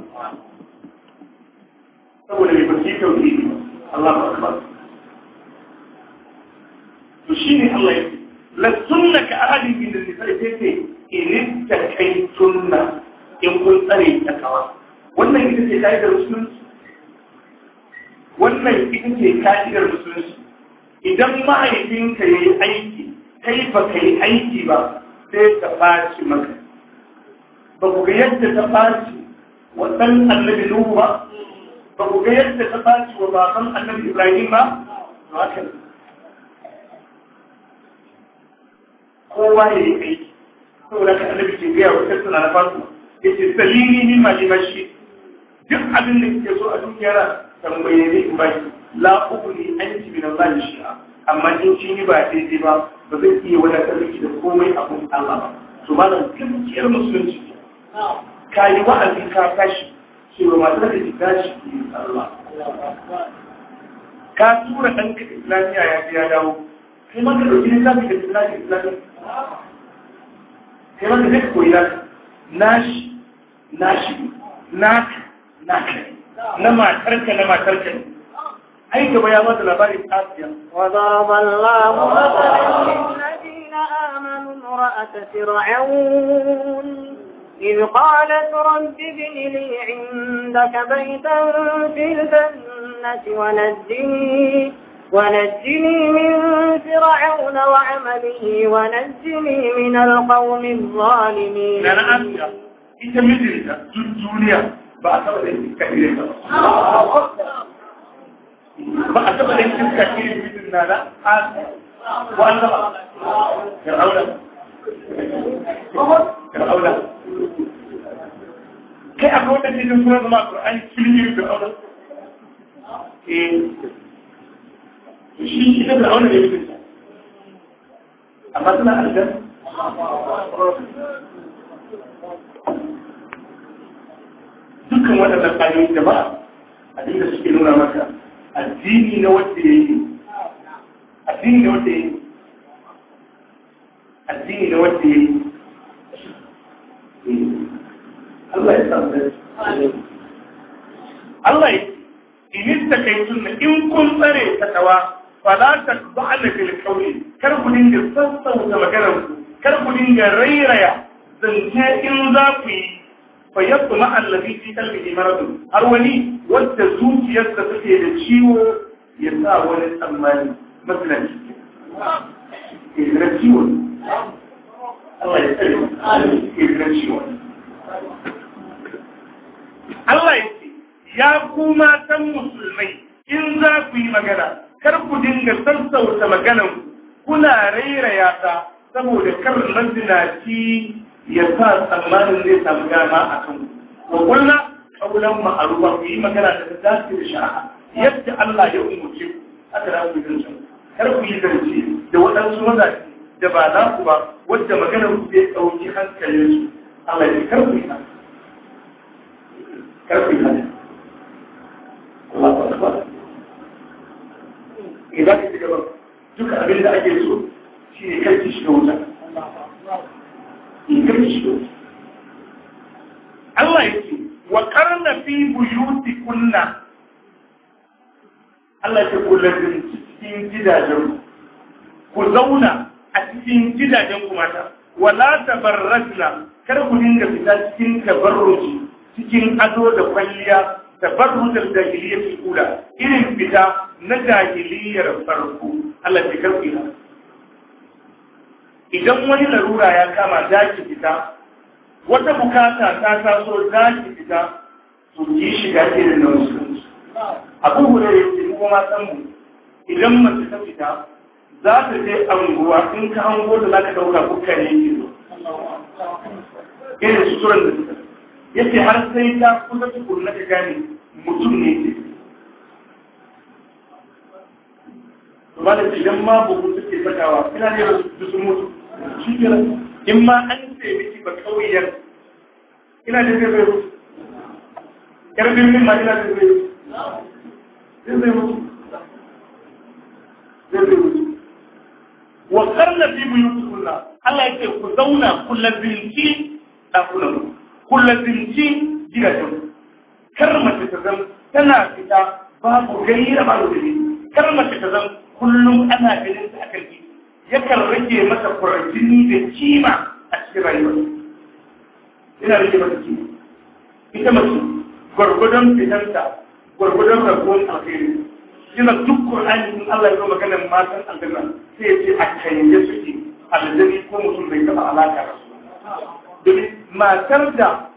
saboda bai fasi tauhidi Allah ba akbar to shine Allah ya la sunna ka ahadi bi da sai ce in ta kai sunna in kun tsare ta kawa wannan ita ce kaidar musulunci wannan ita ce kaidar musulunci idan mahaifinka ya yi aiki kai ba ka yi aiki ba sai ka ɓaci maka ba ku ga yadda ta ɓaci wa ɗan annabi Nuhu ba ba ku ga yadda ta ɓaci wa baban annabi Ibrahim ba to haka kowa ya yi kai saboda ka annabi ke gaya wa sassa na fasu ya ce salini min mashi duk abin da kike so a dukiyar tambaye ne in an la ubni anti min Allah a amma in kin yi ba daidai ba ba zai iya wadatar miki da komai a kun Allah ba to malam gaskiyar musulunci ka yi wa'azi ka tashi ba matar da ki tashi ki yi Allah ka tura ɗanka islamiyya ya ya dawo kai maka ɗauki littafi da littafi islamiya كمان نفكوا إلى ناش ناشي ناك ناك نما ترك نما ترك أي كبيا ما تلباري آسيا
وضرب الله مثلا للذين آمنوا امرأة فرعون إذ قالت رب ابن لي عندك بيتا في الجنة ونجني ونجني من فرعون وعمله ونجني من القوم الظالمين أنا
أنت أنت مدرسة الدنيا بعتبر أنت كثير بعتبر لا وأنا فرعون كيف أقول لك أن القرآن كثير فرعون shi ita da auna ne mutunta amma suna aljan dukkan waɗannan ƙayoyin jama'a abinda suke nuna maka addini na wanda ya yi addini na wanda ya yi addini na wanda ya yi eh, Allah ya samu Allah ya inista in istakaitun in kun tsare ta takawa fala ta ba'ala bil qawli kar ku dinga sassauta maganar ku kar ku dinga rairaya zance in za ku yi fa yatma allazi fi qalbihi maradun har wani wanda ta take da ciwo ya sa wani tsammani masalan shi ke Allah ya tsare mu ke da ciwo Allah ya ce ya kuma san musulmai in za ku yi magana kar ku dinga sassauta maganan kuna rairaya ta saboda kar mazinaci ya sa tsammanin zai samu dama a kan ku wa kullu qawlan ku yi magana da dace da shari'a yadda Allah ya umurce ku aka za ku yi kar ku yi zance da waɗansu mazaje da ba za ku ba wadda maganar ku zai ɗauki hankalinsu Allah ya kar ku yi kar ku yi Allah Idan eh, za ka ci gaba duka abin da ake so shi ne kai shi da wuta in eh, kai shi da wuta Allah ya ce wa karna fi buyuti kunna Allah ya ku lazin cikin gidajen ku zauna a cikin gidajen ku mata wala tabarrajna kar ku dinga fita cikin tabarruji cikin ado da kwalliya tabbatun da jahiliya ta kula irin fita na jahiliyar farko Allah ya karbi idan wani larura ya kama ki fita wata bukata ta taso ki fita to yi shiga irin na musulunci abu hore ya ce kuma san mu idan mace ta fita za ta je anguwa in ka hango da za ka dauka bukka ne ke zo irin suturan da suka yake har sai ta kusa tukunna ka gane mutum ne ce to ba da idan ma bugu suke sakawa ina ne da su mutu in ma an ce miki ba kauyar ina da zai zai mutu yar min ma ina da zai mutu zai zai mutu zai zai mutu wa karna fi buyutukunna Allah ya ce ku zauna kullabin ki ɗakunan mutu ku lazimci gidajen kar mace ta zan tana fita babu gani da babu gani kar mace ta zan kullum ana ganin ta akan ji yakan rage masa kurajini da kima a cikin rayuwar ina rage mata kima ita mace gwargwadon fitanta gwargwadon rabuwan alheri yana duk Qur'ani in Allah ya zo maganar matan aljanna sai ya ce a kanye suke aljani ko mutum bai taba alaka da su domin matar da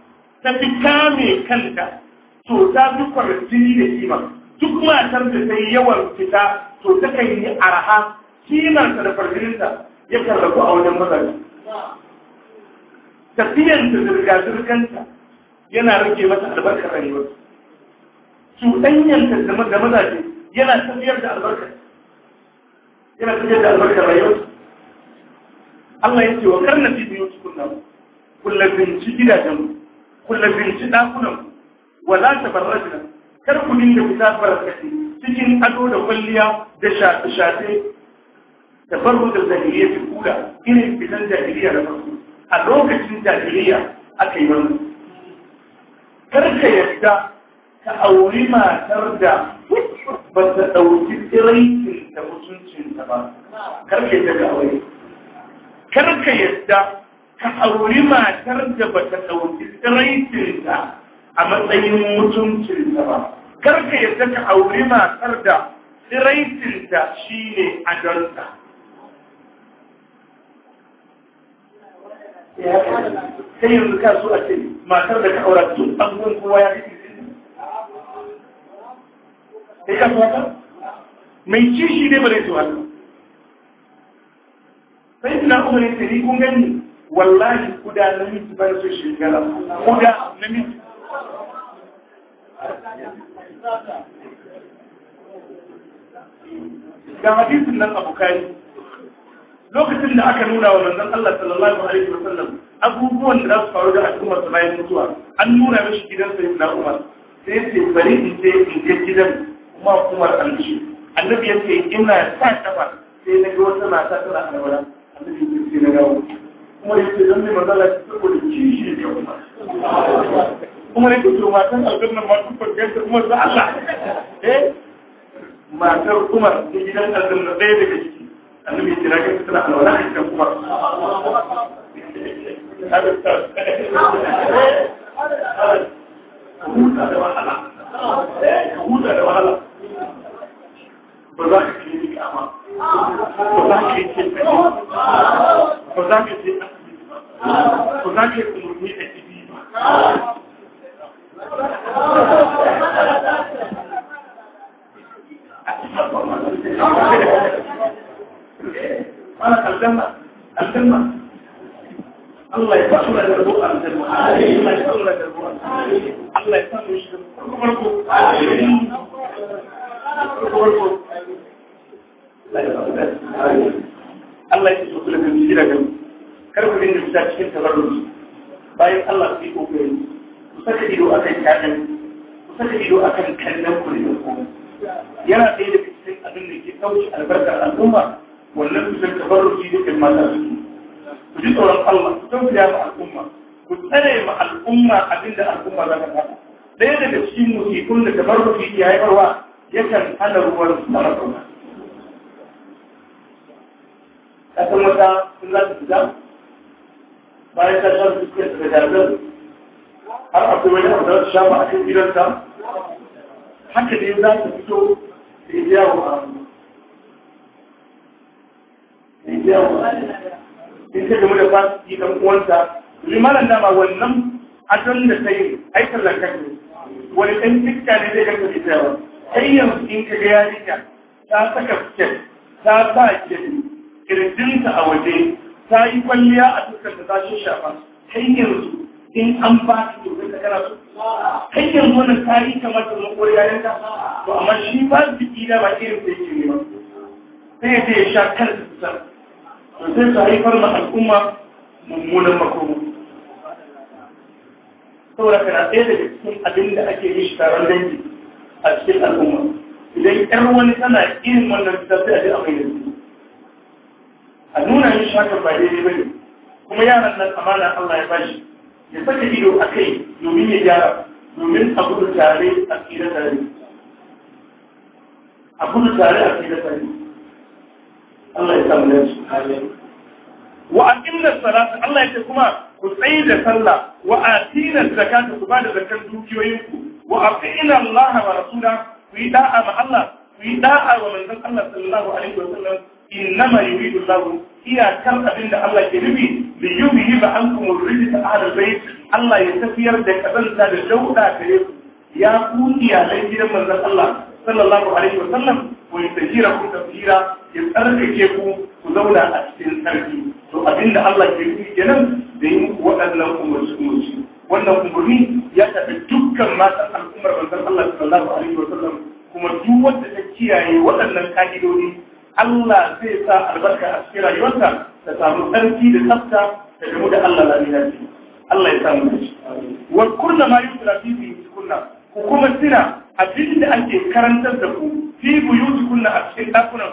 ta fi kame kanta to ta fi kwarjini da kima duk matar da ta yi yawan fita to ta kan yi arha kimanta da ya kan rabu a wajen mazaje tafiyanta zirga-zirganta yana rage mata albarkar rayuwar cuɗanyanta da mazaje yana tafiyar da albarkar yana tafiyar da albarkar rayuwar Allah ya ce wa karnafi biyu cikin namu kullafinci gidajen kullafinci ɗakunan wala tabarrajna kar ku dinga fita barkati cikin ado da kwalliya da shafe-shafe da farko da zahiriya fi kula irin fitan jahiliya da farko a lokacin jahiliya aka yi wannan kar ka yarda ka auri matar da ba ta ɗauki tsiraicin da mutuncinta ba kar ka yarda ka aure kar ka yarda ka auri matar da ba ta ɗauki tsiraicinta a matsayin mutuncinta ba. Kar ka yadda ka auri matar da tsiraicinta shi ne a adonta. Sai yanzu ka so a ce matar da ka aura tun abubuwan kowa ya fi Sai ka so Mai ci shi ne ba zai so haka. Sai ina umarin tari kun gani wallahi kuda namiji ba su shekara kuda namiji ga hadisin nan abokai. lokacin da aka nuna wa manzon Allah sallallahu alaihi wasallam abubuwan da za su faru da al'ummar su bayan mutuwa an nuna mishi gidan sai na Umar sai ce bari in je in je gidan kuma Umar alshi annabi ya ce ina sa kafa sai na ga wata mata tana alwala annabi ya ce na gawo kuma yake dan ne mazala ki saboda kishi ne umar umar yake matan aljannan masu kun faganta umar da Allah eh matar umar ta gidan aljanna ɗaya daga ciki annabi ya kira kai tana alwala a cikin umar eh? huta da wahala ba za ka kiri ni ba za ka yi ce ba za ka ce to za ka yi umarni da ibi ba mana aljanna aljanna Allah ya fasu da rabo aljanna Allah ya fasu da rabo Allah ya fasu shi kuma ko kuma ko Allah ya da Allah ya da kar ku dinga shiga cikin tabarruki bayan Allah ku yi kokari ku saka ido a kan kaɗan ku saka ido a kan kallon ku da ku yana ɗaya daga cikin abin da ke kauce albarkar al'umma wannan kusan tabarruki da kan mata suke ku ji tsoron Allah ku tausaya ma al'umma ku tsare ma al'umma abin da al'umma za ta faɗa ɗaya daga cikin musikun da tabarruki yi haifarwa yakan hana ruwan mara ƙauna. Kasan wata sun za su fita bayan ta shan fuskar da gardar har akwai wani abu da sha ba a kan gidanta haka ne za ta fito da iya wa iya wa in ta gama da fasiki ɗan uwanta domin malam dama wannan adon da ta yi aikar lantarki wani ɗan cikka ne zai ganta da ita yawa kai yanzu in ka ga yarinya ta saka fuskar ta sa kirjinta a waje ta yi kwalliya a dukkan da ta shi shafa hanyar su in an ba ki domin ka kana so kai yanzu wannan ta yi kamar da makwar yayan ka to amma shi ba su biki da ba irin da yake nema sai ya ya sha kan su sa to sai su haifar ma al'umma mummunan makomo saboda kana ɗaya daga cikin abin da ake yi shi taron dangi a cikin al'umma idan ƴar wani tana irin wannan tafiya da a mai yanzu a nuna yin hakan ba daidai ba ne kuma yaran nan amana Allah ya bashi ya saka ido a kai domin ya gyara domin a gudu tare a tsira tare a gudu tare a tsira tare Allah ya samu da su wa aqimna salatu Allah ya ce kuma ku tsayi da sallah wa atina zakata ku ba da zakar dukiyoyinku wa aqina Allah wa rasula ku yi da'a ma Allah ku yi da'a wa manzon Allah sallallahu alaihi wa sallam innama yuridu Allah iyakar abin da Allah ke nufi bi yubihi ba an kuma rijita ahlul bait Allah ya tafiyar da kazanta da dauda gare ku ya ku iyalai gidan manzon Allah sallallahu alaihi wa sallam wa yatajira ku tafsira ya tsarkake ku ku zauna a cikin sarki to abinda Allah ke nufi kenan da yin waɗannan umarci wannan umarni ya tafi dukkan matan al'ummar manzon Allah sallallahu alaihi wa sallam kuma duk wanda ta kiyaye waɗannan ka'idodi Allah zai sa albarka a cikin rayuwarka ta samu tsarki da tsafta da damu da Allah la ilaha Allah ya samu da shi wa kullu ma yusra fi buyutikunna ku kuma sina abin da ake karantar da ku fi buyutikunna a cikin dakunan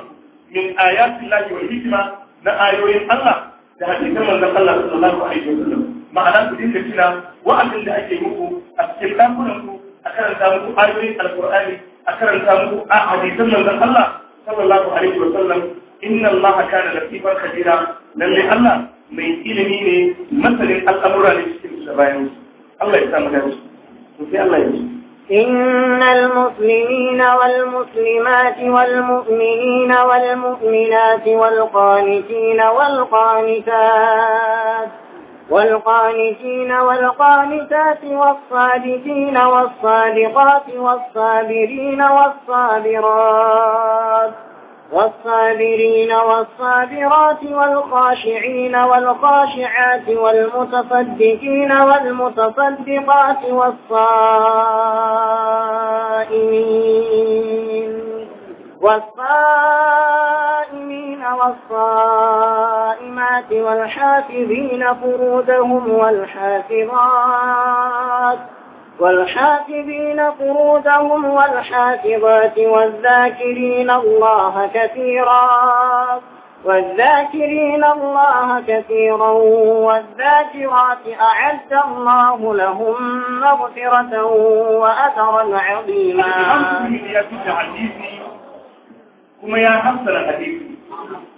min ayatin lahi wal hikma na ayoyin Allah da hadisan manzon Allah sallallahu alaihi wasallam ma'ana ku dinga tuna wa'azin da ake muku a cikin dakunan ku a karanta muku ayoyin alqur'ani a karanta muku a hadisan manzon Allah صلى الله عليه وسلم إن الله كان لطيفا خبيرا لأن الله ميتيني مثل الأمر على الزبائن الله يسامح يا وفي الله يسامح
إن المسلمين والمسلمات والمؤمنين والمؤمنات والقانتين والقانتات والقانتين والقانتات والصادقين والصادقات والصابرين والصابرات والصابرين والصابرات والخاشعين والخاشعات والمتصدقين والمتصدقات والصائمين والصائمين والصائمات والحافظين فروجهم والحافظات والحافظين فروجهم والحافظات والذاكرين الله كثيرا والذاكرين الله كثيرا والذاكرات أعد الله لهم مغفرة وأثرا عظيما
kuma ya hamsana hadisi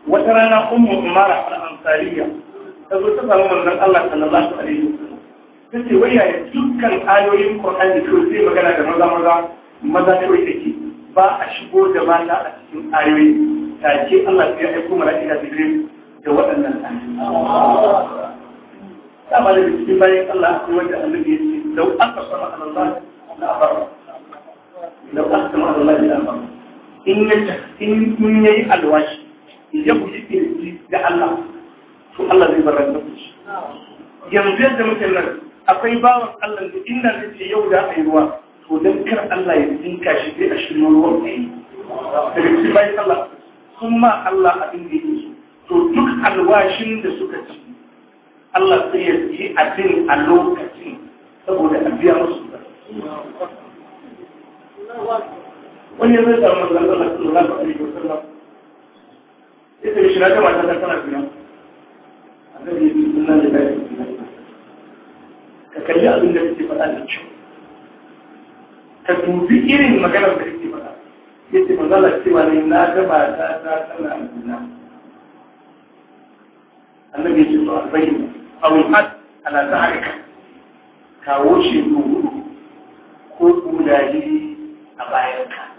wata rana ummu umara al-ansariya ta zo ta samu manzon Allah sallallahu alaihi wasallam ce wai ya dukkan ayoyin Qur'ani to sai magana da maza maza maza ne wai take ba a shigo da mata a cikin ayoyi take Allah ya aiko mala'ika Jibril da waɗannan ayoyi ta ba cikin bayan Allah akwai wanda annabi ya ce da aka sama Allah la abara lau aka sama Allah la abara in ya kun yayi alwashi ya ku da Allah to zai yanzu nan bawan Allah da inda ce yau da ayi ruwa to dan ala ya dinka a shirin duk alwashin da suka ci Allah sai ya ci abin a lokacin saboda a biya musu wani yanzu da wani zanga na kuma lafa a rikin sallah ita da shiga gama ta tana fiya a zai yi suna da dafi ka kalli abin da kake faɗa da kyau ka dubi irin maganar da kake faɗa yace manzala cewa ne na gaba ta ta tana fiya annabi ya ce to albayin aw al-had ala zalika kawo shi ko kulaji a bayanka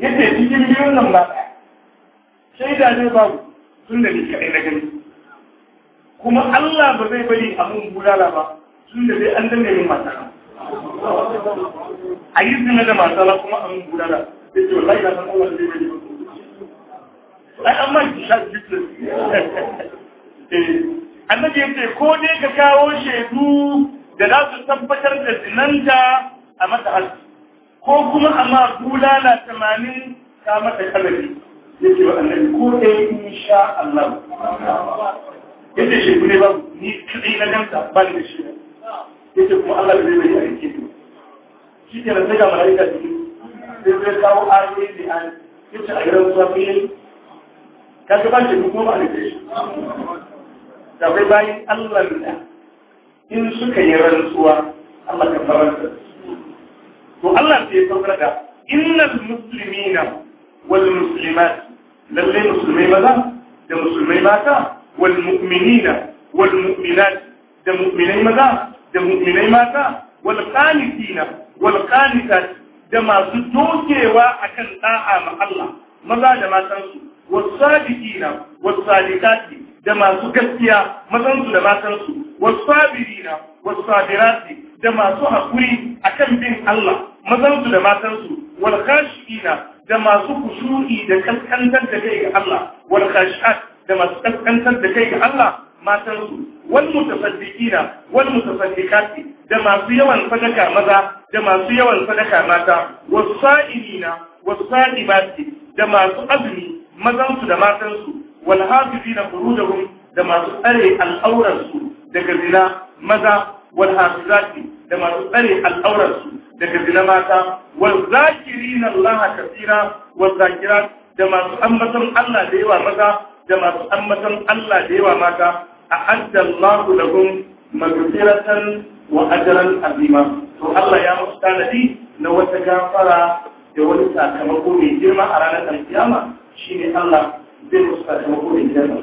yace cikin biyun nan ba ɗaya shaida ne babu tun da ni kaɗai na gani kuma Allah ba zai bari a mun bulala ba tun da dai an danne min mata a yi zina da mata kuma a mun bulala sai ce wallahi na san Allah zai bari ba ai amma ki sha jikin annabi ya ce ko dai ka kawo shaidu da za su tabbatar da zinanta a masa haske ko kuma amma na tamanin ka mata kalari yake wa annabi ko dai insha Allah yadda shi ne ba ni kadai na ganta ba ni shi yake kuma Allah zai bai aiki to shi ke da daga malaika ne zai zai kawo ayoyi da an yace a gidan safi ka ga ban shi kuma ba ni shi da bai bayin Allah ne in suka yi rantsuwa Allah ka faranta su to Allah sai ya saukar da innal muslimina wal muslimat lalle musulmai maza da musulmai mata wal mu'minina wal mu'minat da mu'minai maza da mu'minai mata wal qanitina wal qanitat da masu dokewa akan da'a ma Allah maza da matansu wasadikina wasadikati da masu gaskiya mazansu da matansu wasabirina wasabirati da masu haƙuri akan bin Allah mazansu da matansu wal khashiina da masu kusuri da kankantar da kai ga Allah wal khashiat da masu kankantar da kai ga Allah matansu wal mutasaddiqina wal mutasaddiqati da masu yawan sadaka maza da masu yawan sadaka mata wasa'ilina wasa'ibati da masu azumi mazansu da matansu wal hafizina furujahum da masu tsare al'auransu daga zina maza wal hafizati da masu tsare al'aurarsu daga zina mata wa zakirina Allah kasira wa zakira da masu ambaton Allah da yawa maza da masu ambaton Allah da yawa mata a adda Allah lahum magfiratan wa ajran azima to Allah ya musu tanadi na wata gafara da wani sakamako mai girma a ranar alkiyama shine Allah zai musu sakamako mai girma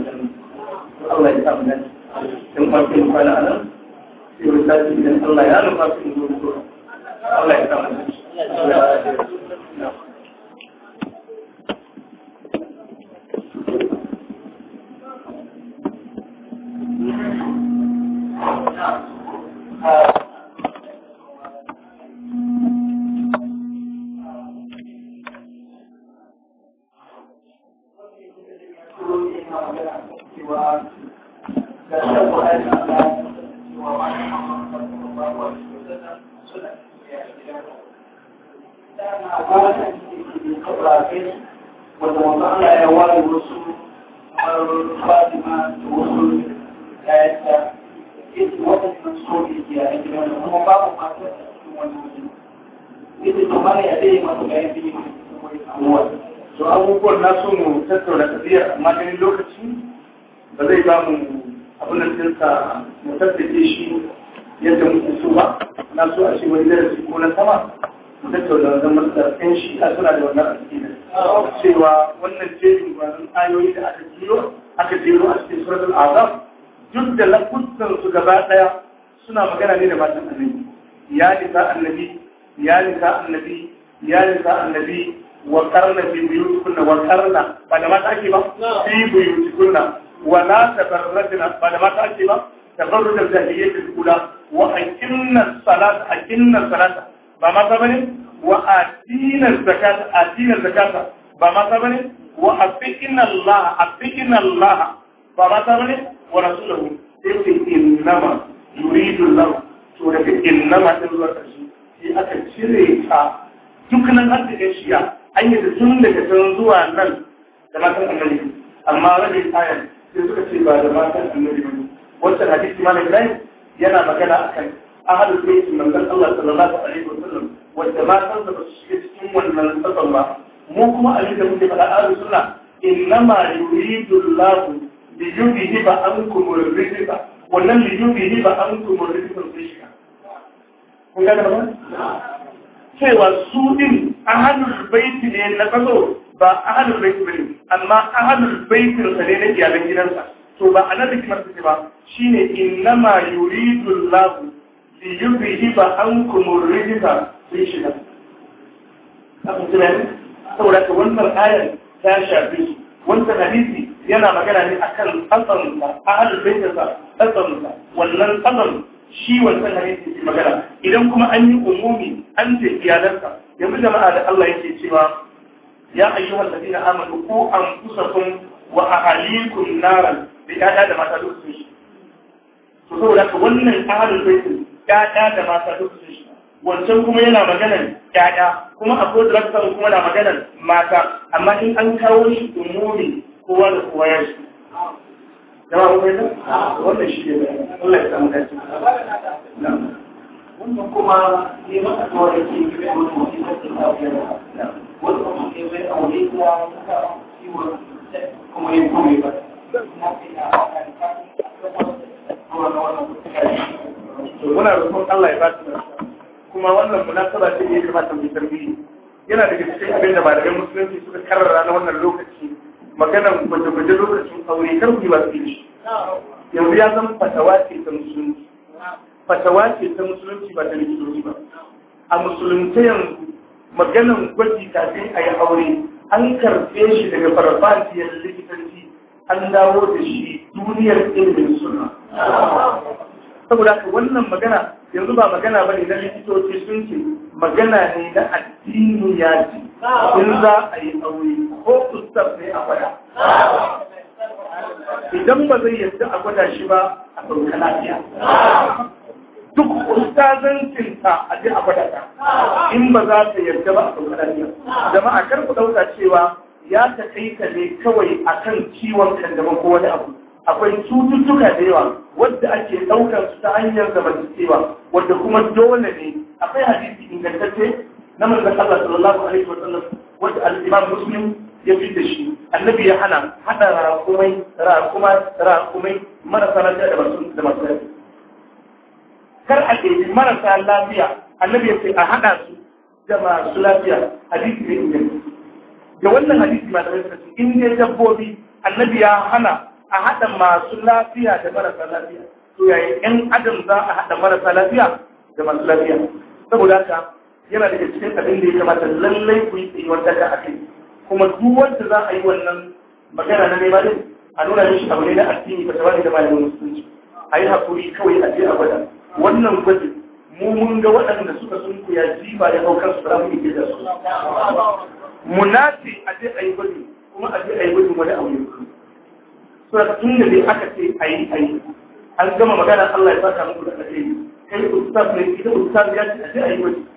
Allah ya samu nan in kwanci kwana a nan sai wani sati gaba ɗaya suna magana ne da matan annabi ya nisa annabi ya nisa annabi ya nisa annabi wa karna fi buyutikunna wa karna ba da mata ake ba fi buyutikunna wa la ba da mata ake ba tabarruj al wa akinna salata akinna salata ba mata bane wa atina zakata atina zakata ba mata bane wa afiqina Allah afiqina Allah ba mata bane wa sai innama yuridu lahu to daga innama din zuwa ƙarshe sai aka cire ta duk nan an daga shiya an yi tun daga can zuwa nan da matan annabi amma rabin ayan sai suka ce ba da matan annabi ba wannan hadisi malam Ibrahim yana magana akan ahadu baiti manzon Allah sallallahu alaihi wasallam wanda matan da ba su shiga cikin wannan sabon ba mu kuma abin da muke faɗa ahlus sunna innama yuridu lahu liyubihi ba an kumar riba wannan liyubihi ba an kumar riba sai shiga kun gane ba cewa su din ahalul baiti ne na kaso ba ahalul baiti bane amma ahalul baiti ne na iyalan gidansa to ba a nan da kimar take ba shine innama yuridu Allah li yubhi ba an rijza sai shiga saboda wannan ayar ta shafi wannan hadisi yana magana ne akan tsantsan a ahal baitin sa tsallan wannan tsantsan shi wannan hadisi ke magana idan kuma an yi umumi an ce iyalansa yanzu jama'a da Allah yake cewa ya ayyuhal ladina amanu ku anfusakum wa ahalikum naran da ƴaƴa da mata duk sun shi to saboda ka wannan ahalul baitin ƴaƴa da mata duk sun shi wancan kuma yana maganar ƴaƴa kuma akwai drakta kuma na maganar mata amma in an kawo shi umumi kowa da kowa ya shi da ba kuma wannan shi ne Allah ya samu dace wannan kuma ne maka kawai yake gaba wani mutum da ke tafiya da wani mutum ne bai aure kuma suka ciwon kuma yin kome ba muna roƙon Allah ya ba su kuma wannan munasaba ce ne ya kamata mu tarbiyi yana daga cikin abin da malaman musulunci suka karrara na wannan lokaci maganar gwaje-gwaje lokacin aure kan yi wasu yanzu ya zama fatawa ce ta musulunci fatawa ce ta musulunci ba ta likitoci ba a musulunta yanzu maganar gwaji kafin a yi aure an karfe shi daga farfajiyar likitanci an dawo da shi duniyar ilimin suna saboda haka wannan magana yanzu ba magana ba ne na likitoci sun ce magana ne na addini ya ce in za a yi aure ko kusur ne a gwada idan ba zai yadda a gwada shi ba a sauka lafiya duk ustazancinta a ji a gwada ta in ba za ta yadda ba a sauka lafiya jama'a kar ku ɗauka cewa ya taƙaita ne kawai akan ciwon kandama ko wani abu akwai cututtuka da yawa wadda ake ɗaukar su ta hanyar zamantakewa wadda kuma dole ne akwai hadisi ingantacce na manzon Allah sallallahu alaihi wasallam wanda al-Imam Muslim ya fi da shi annabi ya hana hada rakumai rakumai rakumai marasa lafiya da masu da masu lafiya kar a ke marasa lafiya annabi ya ce a hada su da masu lafiya hadisi ne inda da wannan hadisi ma da su in dai dabbobi annabi ya hana a hada masu lafiya da marasa lafiya to yayin yan adam za a hada marasa lafiya da masu lafiya saboda haka yana daga cikin abin da ya kamata lallai ku yi tsayuwar daga a kai kuma duk wanda za a yi wannan magana na nema din a nuna mishi abu ne na addini ba ta da malamin musulunci a yi haƙuri kawai a je a gwada wannan gwajin mu mun ga waɗanda suka sun ya ji ba da haukar su ba mu ike da su munati a je a yi gwajin kuma a je a yi gwajin wani abu ne so da tun da dai aka ce a yi a yi an gama magana Allah ya saka muku da alheri kai ustaz ne ita ustaz ya ce a je a yi gwajin